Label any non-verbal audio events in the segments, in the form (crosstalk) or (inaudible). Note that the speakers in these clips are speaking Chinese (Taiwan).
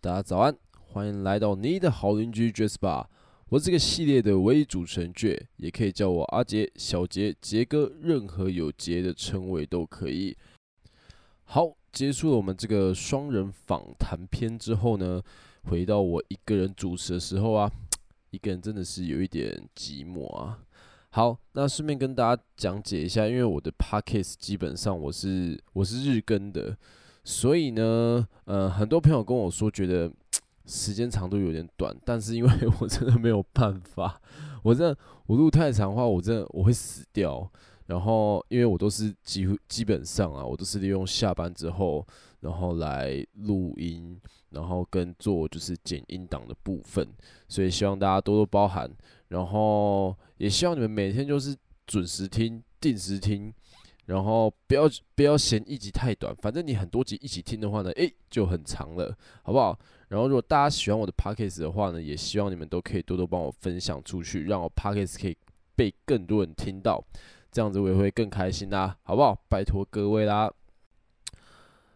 大家早安，歡迎來到你的好鄰居杰斯霸。我是這個系列的唯一主持人杰，也可以叫我阿杰、小杰、杰哥，任何有杰的稱謂都可以。好，結束了我們這個雙人訪談片之後呢，回到我一個人主持的時候啊，一個人真的是有一點寂寞啊。好，那順便跟大家講解一下，因為我的 podcast 基本上我是我是日更的，所以呢，呃，很多朋友跟我說覺得時間長度有點短，但是因為我真的沒有辦法，我真的我錄太長的話，我真的我會死掉。然後因為我都是幾乎基本上啊，我都是利用下班之後，然後來錄音，然後跟做就是剪音檔的部分，所以希望大家多多包涵。然後也希望你們每天就是準時聽、定時聽，然後不要不要嫌一集太短，反正你很多集一起聽的話呢，誒，就很長了，好不好？然後如果大家喜歡我的 podcast 的話呢，也希望你們都可以多多幫我分享出去，讓我 podcast 可以被更多人聽到，這樣子我也會更開心啦，好不好？拜托各位啦！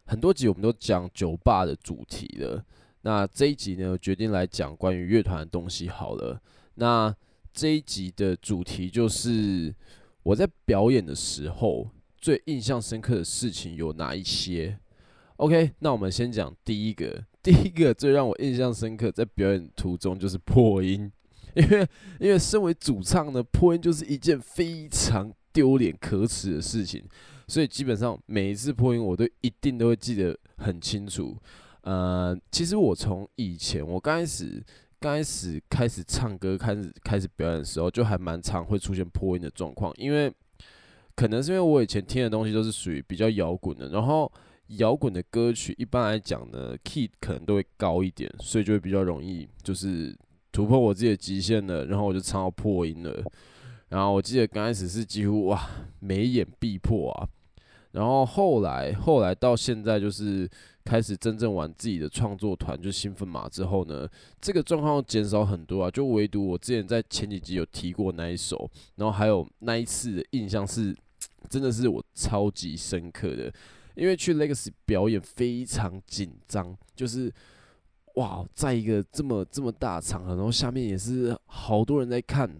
很多集我們都講酒吧的主題了，那這一集呢，決定來講關於樂團的東西好了。那這一集的主題就是我在表演的時候最印象深刻的事情有哪一些？OK，那我們先講第一個，第一個最讓我印象深刻在表演途中就是破音，因為因為身為主唱呢，破音就是一件非常丟臉可恥的事情，所以基本上每一次破音我都一定都會記得很清楚。呃，其實我從以前我剛開始。剛開始開始唱歌、開始開始表演的時候，就還蠻常會出現破音的狀況，因為可能是因為我以前聽的東西都是屬於比較搖滾的，然後搖滾的歌曲一般來講呢，key 可能都會高一點，所以就會比較容易就是突破我自己的極限了。然後我就唱到破音了。然後我記得剛開始是幾乎哇，每一演必破啊，然後後來後來到現在就是。開始真正玩自己的創作團就興奮嘛。之後呢，這個狀況減少很多啊。就唯獨我之前在前幾集有提過那一首，然後還有那一次的印象是，真的是我超級深刻的，因為去 Legacy 表演非常緊張，就是哇，在一個這麼這麼大場合，然後下面也是好多人在看。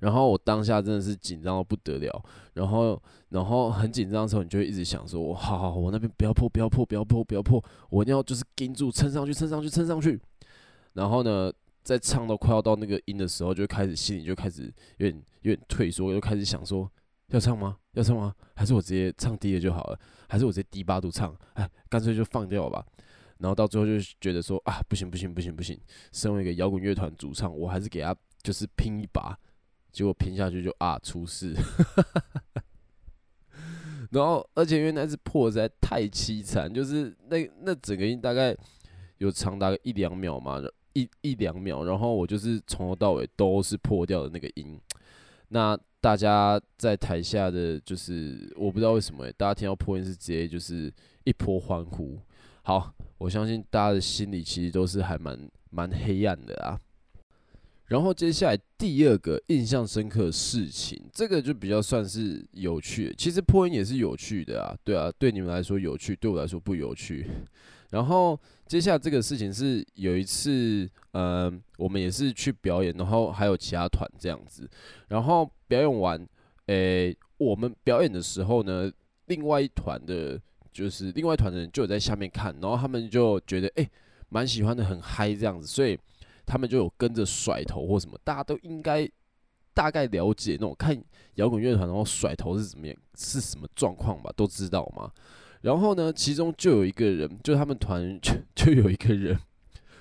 然後我當下真的是緊張的不得了，然後，然後很緊張的時候，你就一直想說：“我好，好好，我那邊不要破，不要破，不要破，不要破，我一定要就是盯住，撐上去，撐上去，撐上去。”然後呢，在唱到快要到那個音的時候，就開始心裡就開始有點有點退縮，又開始想說：“要唱嗎？要唱嗎？還是我直接唱低了就好了？還是我直接低八度唱？哎，乾脆就放掉了吧。”然後到最後就覺得說：“啊，不行不行不行不行！身為一個搖滾樂團主唱，我還是給他就是拼一把。”結果拼下去就啊出事。 (laughs) 然後而且因為那次破實在太淒慘就是那那整個音大概有長達一兩秒嘛，一一兩秒，然後我就是從頭到尾都是破掉的那個音。那大家在台下的就是我不知道為什麼，大家聽到破音是直接就是一波歡呼。好，我相信大家的心裡其實都是還蠻蠻黑暗的啊。然後接下來第二個印象深刻的事情，這個就比較算是有趣。其實破音也是有趣的啊，對啊，對你們來說有趣，對我來說不有趣。然後接下來這個事情是有一次，嗯、呃，我們也是去表演，然後還有其他團這樣子。然後表演完，誒，我們表演的時候呢，另外一團的，就是另外一團的人就有在下面看，然後他們就覺得，誒，蠻喜歡的，很嗨這樣子，所以。他們就有跟着甩頭或什麼，大家都應該大概了解那種看搖滾樂團然後甩頭是怎麼樣，是什麼狀況吧，都知道嘛。然後呢，其中就有一個人，就他們團就，就有一個人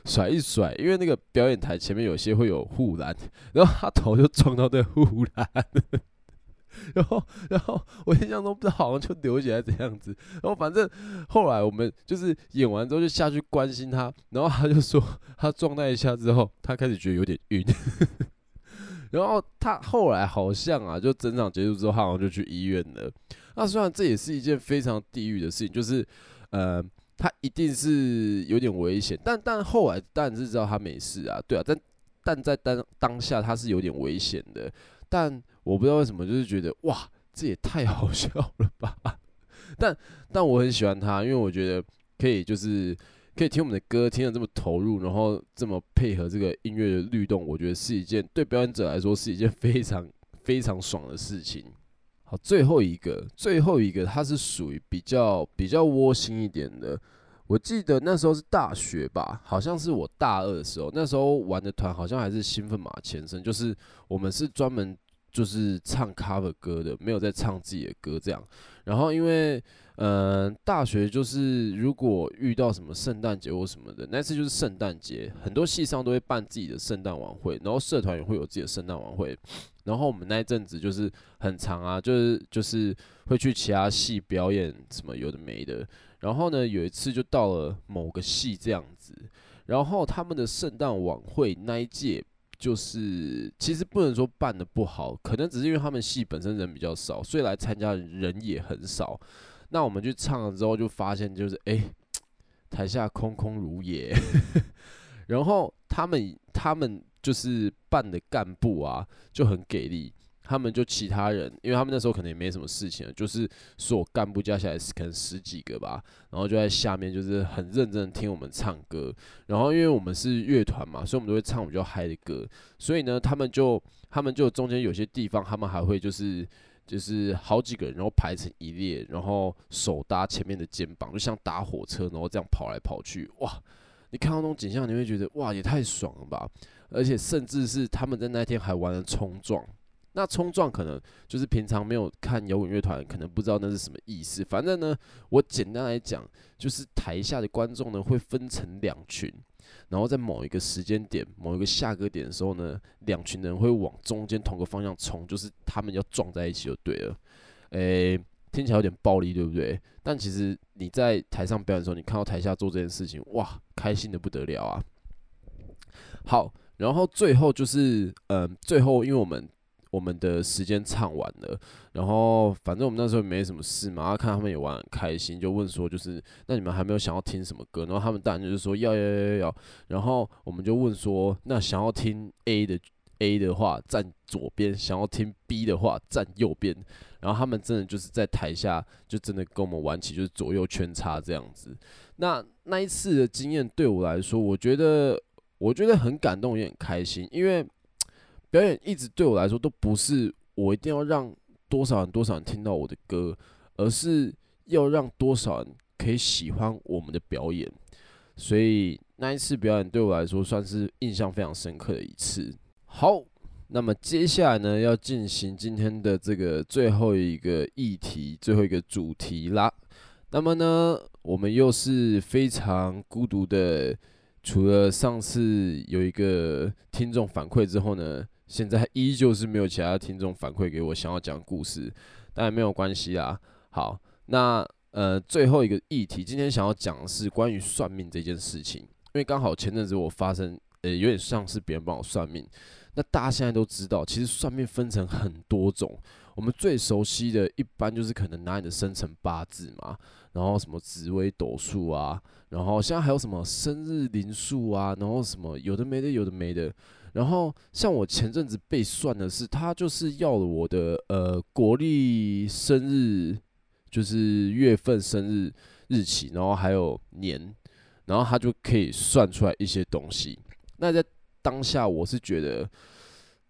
甩一甩，因為那個表演台前面有些會有護欄，然後他頭就撞到這護欄。然後，然後我印象中不知道，好像就流血來這樣子。然後反正後來我們就是演完之後就下去關心他，然後他就說他撞那一下之後，他開始覺得有點暈。 (laughs) 然後他後來好像啊，就整場結束之後，他好像就去醫院了。那雖然這也是一件非常地獄的事情，就是呃，他一定是有點危險。但但後來當然是知道他沒事啊，對啊。但但在當當下他是有點危險的。但我不知道為什麼，就是覺得哇，這也太好笑了吧！ (laughs) 但但我很喜歡他，因為我覺得可以，就是可以聽我們的歌，聽得這麼投入，然後這麼配合這個音樂的律動，我覺得是一件對表演者來說是一件非常非常爽的事情。好，最後一個，最後一個，它是屬於比較比較窩心一點的。我記得那時候是大學吧，好像是我大二的時候，那時候玩的團好像還是興奮馬前身，就是我們是專門就是唱 cover 歌的，沒有在唱自己的歌這樣。然後因為嗯、呃，大學就是如果遇到什麼聖誕節或什麼的，那次就是聖誕節，很多系上都會辦自己的聖誕晚會，然後社團也會有自己的聖誕晚會。然後我們那陣子就是很常啊，就是就是會去其他系表演什麼有的沒的。然後呢，有一次就到了某個系這樣子，然後他們的聖誕晚會那一屆，就是其實不能說辦得不好，可能只是因為他們系本身人比較少，所以來參加的人也很少。那我們去唱了之後，就發現就是哎、欸，台下空空如也。 (laughs) 然後他們他們就是辦的幹部啊，就很給力。他們就其他人，因為他們那時候可能也沒什麼事情，就是所有幹部加起來可能十幾個吧，然後就在下面就是很認真聽我們唱歌，然後因為我們是樂團嘛，所以我們都會唱比較嗨的歌，所以呢，他們就他們就中間有些地方，他們還會就是就是好幾個人，然後排成一列，然後手搭前面的肩膀，就像打火車，然後這樣跑來跑去，哇！你看到那種景象，你會覺得哇，也太爽了吧！而且甚至是他們在那天還玩了衝撞。那衝撞可能就是平常沒有看搖滾樂團，可能不知道那是什麼意思。反正呢，我簡單來講，就是台下的觀眾呢會分成兩群，然後在某一個時間點、某一個下個點的時候呢，兩群人會往中間同個方向衝，就是他們要撞在一起就對了。誒，聽起來有點暴力，對不對？但其實你在台上表演的時候，你看到台下做這件事情，哇，開心得不得了啊！好，然後最後就是，嗯，最後因為我們。我們的時間唱完了，然後反正我們那時候沒什麼事嘛，然後看他們也玩很開心，就問說就是，那你們還沒有想要聽什麼歌？然後他們當然就是說要要要要。然後我們就問說，那想要聽 A 的 A 的話站左邊，想要聽 B 的話站右邊。然後他們真的就是在台下就真的跟我們玩起，就是左右穿插這樣子。那那一次的經驗對我來說，我覺得我覺得很感動也很開心，因為。表演一直對我來說都不是我一定要讓多少人多少人聽到我的歌，而是要讓多少人可以喜歡我們的表演。所以那一次表演對我來說算是印象非常深刻的一次。好，那麼接下來呢，要進行今天的這個最後一個議題，最後一個主題啦。那麼呢，我們又是非常孤獨的，除了上次有一個聽眾反饋之後呢。現在依舊是沒有其他聽眾反饋給我想要講故事，但也沒有關係啦。好，那呃最後一個議題，今天想要講的是關於算命這件事情，因為剛好前陣子我發生，呃、欸，有點像是別人幫我算命。那大家現在都知道，其實算命分成很多種，我們最熟悉的一般就是可能拿你的生辰八字嘛，然後什麼紫微斗數啊，然後現在還有什麼生日靈數啊，然後什麼有的沒的，有的沒的。然後像我前陣子被算的是，他就是要了我的呃國曆生日，就是月份、生日日期，然後還有年，然後他就可以算出來一些東西。那在當下，我是覺得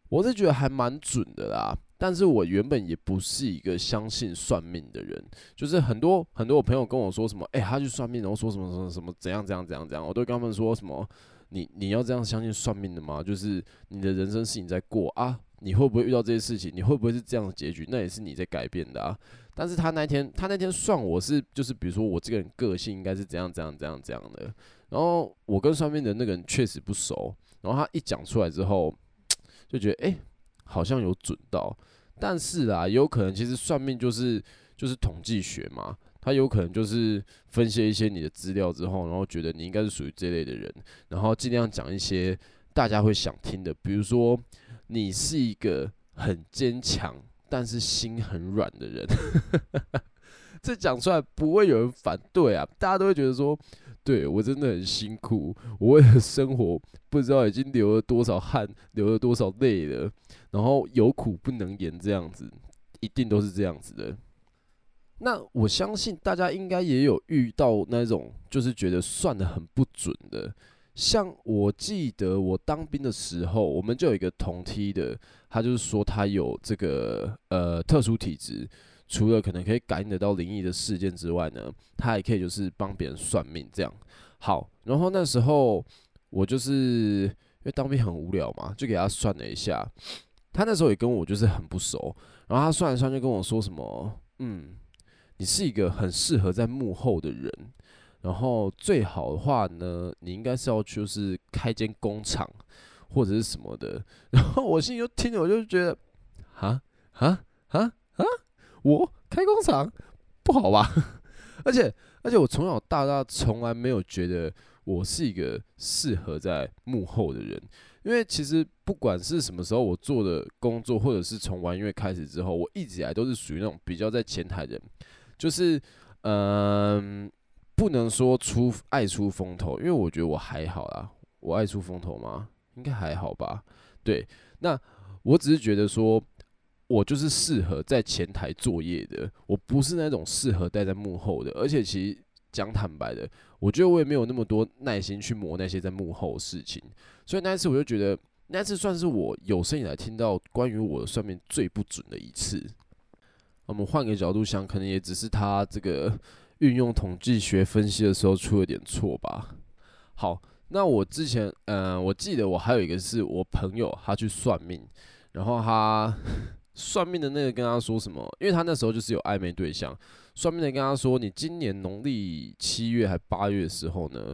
我是覺得還蠻準的啦。但是我原本也不是一個相信算命的人，就是很多很多我朋友跟我說什麼，誒、欸，他去算命，然後說什麼什麼什麼怎樣怎樣怎樣怎樣，我都跟他們說什麼。你你要這樣相信算命的嗎？就是你的人生是你在過啊，你會不會遇到這些事情？你會不會是這樣的結局？那也是你在改變的啊。但是他那天他那天算我是就是比如說我這個人個性應該是怎樣怎樣怎樣怎樣的。然後我跟算命的那個人確實不熟，然後他一講出來之後就覺得誒、欸，好像有準到，但是啊也有可能其實算命就是就是統計學嘛。他有可能就是分析一些你的資料之後，然後覺得你應該是屬於這類的人，然後盡量講一些大家會想聽的，比如說你是一個很堅強但是心很軟的人， (laughs) 這講出來不會有人反對啊，大家都會覺得說，對我真的很辛苦，我為了生活不知道已經流了多少汗，流了多少淚了，然後有苦不能言，這樣子一定都是這樣子的。那我相信大家應該也有遇到那種，就是覺得算得很不準的。像我記得我當兵的時候，我們就有一個同梯的，他就是說他有這個呃特殊體質，除了可能可以感應得到靈異的事件之外呢，他還可以就是幫別人算命這樣。好，然後那時候我就是因為當兵很無聊嘛，就給他算了一下。他那時候也跟我就是很不熟，然後他算了算，就跟我說什麼，嗯。你是一個很適合在幕後的人，然後最好的話呢，你應該是要就是開間工廠或者是什麼的。然後我心裡就聽着，我就覺得，啊啊啊啊！我開工廠不好吧？ (laughs) 而且而且我從小到大從來沒有覺得我是一個適合在幕後的人，因為其實不管是什麼時候我做的工作，或者是從玩音樂開始之後，我一直以來都是屬於那種比較在前台的人。就是，嗯、呃，不能說出愛出風頭，因為我覺得我還好啦。我愛出風頭嗎？應該還好吧。對，那我只是覺得說，我就是適合在前臺作業的，我不是那種適合待在幕後的。而且其實講坦白的，我覺得我也沒有那麼多耐心去磨那些在幕後的事情。所以那次我就覺得，那次算是我有生以來聽到關於我算命最不準的一次。我們換個角度想，可能也只是他這個運用統計學分析的時候出了點錯吧。好，那我之前，嗯、呃，我記得我還有一個是我朋友，他去算命，然後他算命的那個跟他說什麼？因為他那時候就是有曖昧對象，算命的跟他說：“你今年農曆七月還八月的時候呢，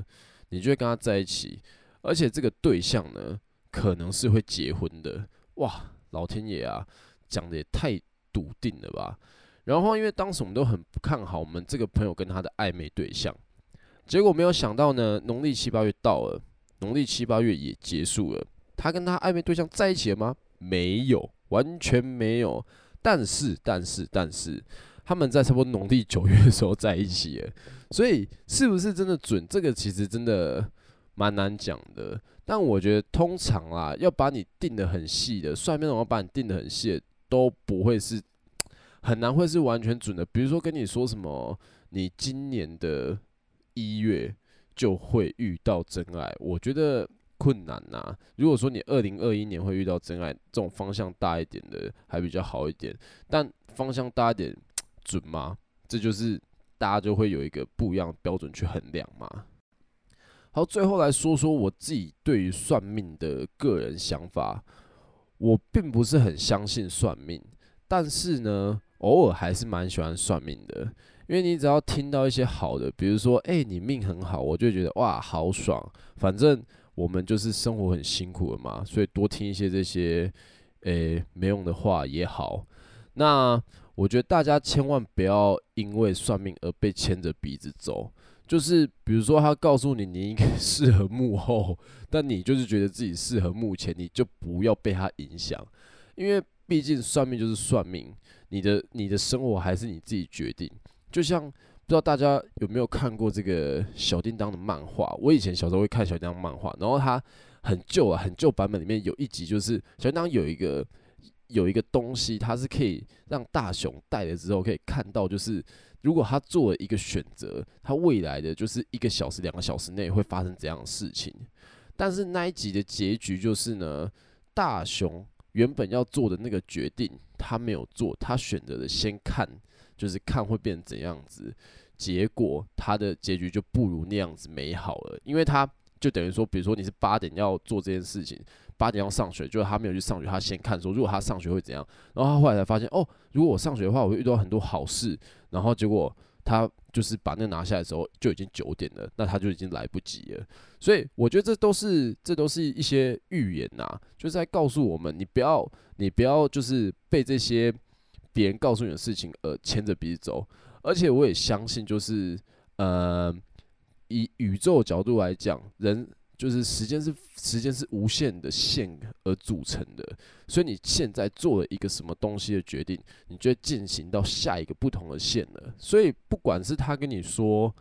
你就會跟他在一起，而且這個對象呢，可能是會結婚的。”哇，老天爺啊，講的也太……篤定的吧，然後因為當時我們都很不看好我們這個朋友跟他的曖昧對象，結果沒有想到呢，農曆七八月到了，農曆七八月也結束了，他跟他曖昧對象在一起了嗎？沒有，完全沒有。但是，但是，但是，他們在差不多農曆九月的時候在一起了，所以是不是真的準？這個其實真的蠻難講的。但我覺得通常啊，要把你定得很細的，算命的要把你定得很細的。都不會是很難，會是完全準的。比如說跟你說什麼，你今年的一月就會遇到真愛，我覺得困難吶、啊。如果說你二零二一年會遇到真愛，這種方向大一點的還比較好一點，但方向大一點準嗎？這就是大家就會有一個不一樣的標準去衡量嘛。好，最後來說說我自己對於算命的個人想法。我並不是很相信算命，但是呢，偶爾還是蠻喜歡算命的，因為你只要聽到一些好的，比如說，哎，你命很好，我就覺得哇，好爽。反正我們就是生活很辛苦的嘛，所以多聽一些這些，誒，沒用的話也好。那我覺得大家千萬不要因為算命而被牽着鼻子走。就是比如說，他告訴你，你應該適合幕後，但你就是覺得自己適合幕前，你就不要被他影響，因為畢竟算命就是算命，你的你的生活還是你自己決定。就像不知道大家有沒有看過這個小叮當的漫畫，我以前小時候會看小叮當漫畫，然後它很舊啊，很舊版本裡面有一集就是小叮當有一個有一個東西，它是可以讓大熊戴了之後可以看到，就是。如果他做了一個選擇，他未來的就是一個小時、兩個小時內會發生怎樣的事情？但是那一集的結局就是呢，大雄原本要做的那個決定他沒有做，他選擇了先看，就是看會變成怎樣子。結果他的結局就不如那樣子美好了，因為他就等於說，比如說你是八點要做這件事情。八點要上學，就是他沒有去上學，他先看說如果他上學會怎樣，然後他後來才發現哦，如果我上學的話，我會遇到很多好事。然後結果他就是把那拿下來的時候就已經九點了，那他就已經來不及了。所以我覺得這都是這都是一些預言啊，就是在告訴我們你不要你不要就是被這些別人告訴你的事情而牽着鼻子走。而且我也相信就是呃，以宇宙角度來講人。就是時間是時間是無限的線而組成的，所以你現在做了一個什麼東西的決定，你就要進行到下一個不同的線了。所以不管是他跟你說，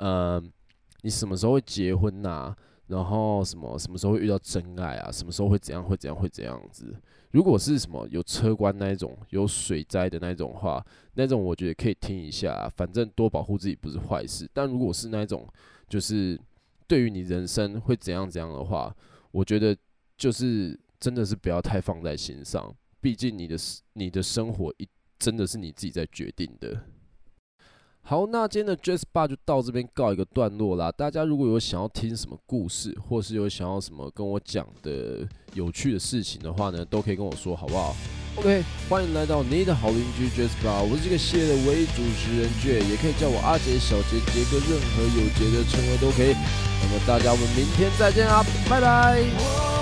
嗯，你什麼時候會結婚吶、啊？然後什麼什麼時候會遇到真愛啊？什麼時候會怎樣會怎樣會這樣子？如果是什麼有車關那一種有水災的那種的話，那種我覺得可以聽一下、啊，反正多保護自己不是壞事。但如果是那種就是。對於你人生會怎樣怎樣的話，我覺得就是真的是不要太放在心上，畢竟你的生，你的生活一真的是你自己在決定的。好，那今天的 Jazz Bar 就到這邊告一個段落啦。大家如果有想要聽什麼故事，或是有想要什麼跟我講的有趣的事情的話呢，都可以跟我說，好不好？OK，歡迎來到你的好鄰居 Jazz Bar，我是這個系列的唯一主持人杰，也可以叫我阿杰、小杰、杰哥，任何有杰的稱呼都可以。那麼大家我們明天再見啦，拜拜。